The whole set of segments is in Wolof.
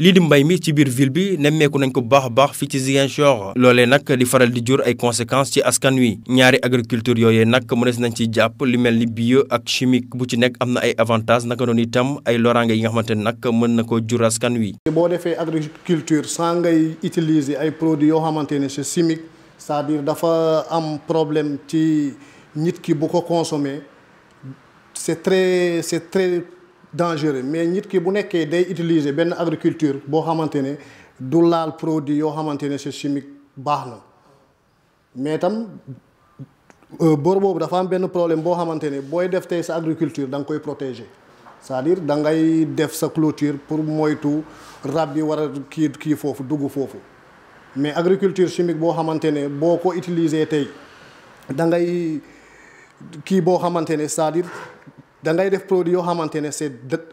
lii di mbay mi ci biir ville bi nemmeeku nañ ko bu baax a baax fii ci Ziguinchor loolee nag di faral di jur ay conséquences ci askan wi ñaari agriculture yooyee nag mënees nañ ci jàpp li mel ni bio ak chimique bu ci nekk am na ay avantages naka noonu itam ay loraange yi nga xamante ne nag mën na ko jur askan wi. boo defee agriculture sans ngay utiliser ay produits yoo xamante ne c'est chimique c'est-à-dire dafa am problème ci nit ki bu ko consommer c'est très c'est très dangereux mais nit ki bu nekkee day utiliser benn agriculture boo xamante ne du laal produit yoo xamante ces c'est chimique baax mais tam euh, boor boobu dafa am problème boo xamante ne booy def tey sa agriculture donc nga koy protéger c'est-à-dire dans les def sa clôture pour moytu tout, yi ou a qui faut, foofu dugg mais agriculture chimique boo xamante ne boo ko utiliser tay. da ngay kii boo c'est-à-dire da ngay def produit yoo xamante ne c'est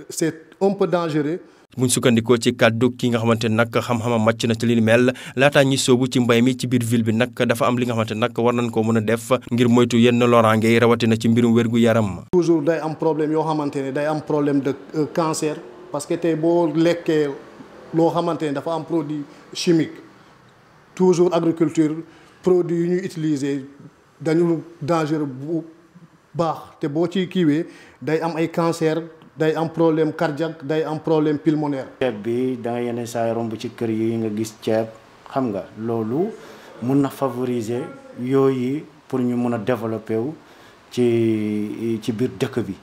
c'est un peu dangereux. buñ sukkandikoo ci kàddu ki nga xamante nag xam xama màcc na ci li mel laataa ñi soobu ci mbay mi ci biir ville bi nag dafa am li nga xamante nag war nañ ko mën a def ngir moytu yenn loraange yi na ci mbirum wérgu yaram. toujours day am problème yoo xamante ne day am problème de euh, cancer parce que tey boo lekkee loo xamante ne dafa am produit chimique toujours agriculture produit yu ñuy utiliser dañu dangereux bu. baax te boo ci kiiwee day am ay cancer day am problème cardiaque day am problème pulmonaire. ceeb bi da nga yenn saa romb ci kër yi nga gis ceeb xam nga loolu mun na favoriser yooyu pour ñu mun a développer wu ci ci biir dëkk bi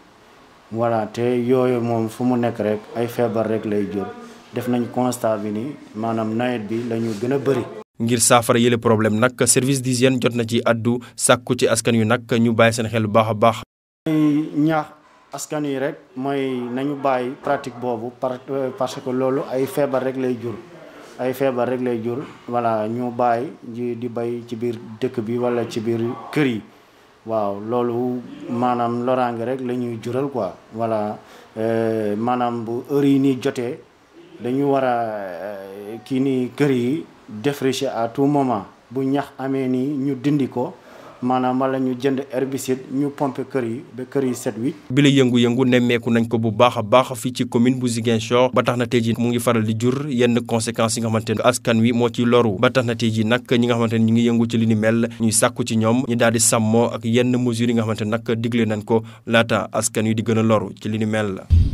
voilà te yooyu moom fu mu nekk rek ay feebar rek lay jur def nañ constat bi ni maanaam nawet bi lañu gën a bëri. ngir safara yele problème Nak service d'hygiène jotna ci addu sakku ci askan yu nak ñu bàyyi seen xel baax baax. ñaax askan yi rek moy nañu bàyyi pratique bobu euh, parce que lolu ay fièvre rek lay jur ay fièvre rek lay jur wala ñu bàyyi di di bay ci bir dekk bi wala ci bir kër yi waaw lolu manam loraange rek lañuy jural quoi euh manam bu heure yi nii jotee dañu wara a euh, kii kër défricher à tout moment bu ñax amee nii ñu dindi ko maanaam wala ñu jënd herbicide ñu pomper kër yi ba kër yi set wi. bi la yëngu-yëngu nemmeeku nañ ko bu baax a baax fii ci commune bu Ziguinchor ba tax na tey jii mu ngi faral di jur yenn conséquences yi nga xamante ne askan wi moo ci loru ba tax na tey jii nag ñi nga xamante ne ñu ngi yëngu ci li ni mel ñuy sàkku ci ñoom ñu daal di sàmmoo ak yenn mesures yi nga xamante ne nag digle nañ ko laata askan wi di gën a loru ci li ni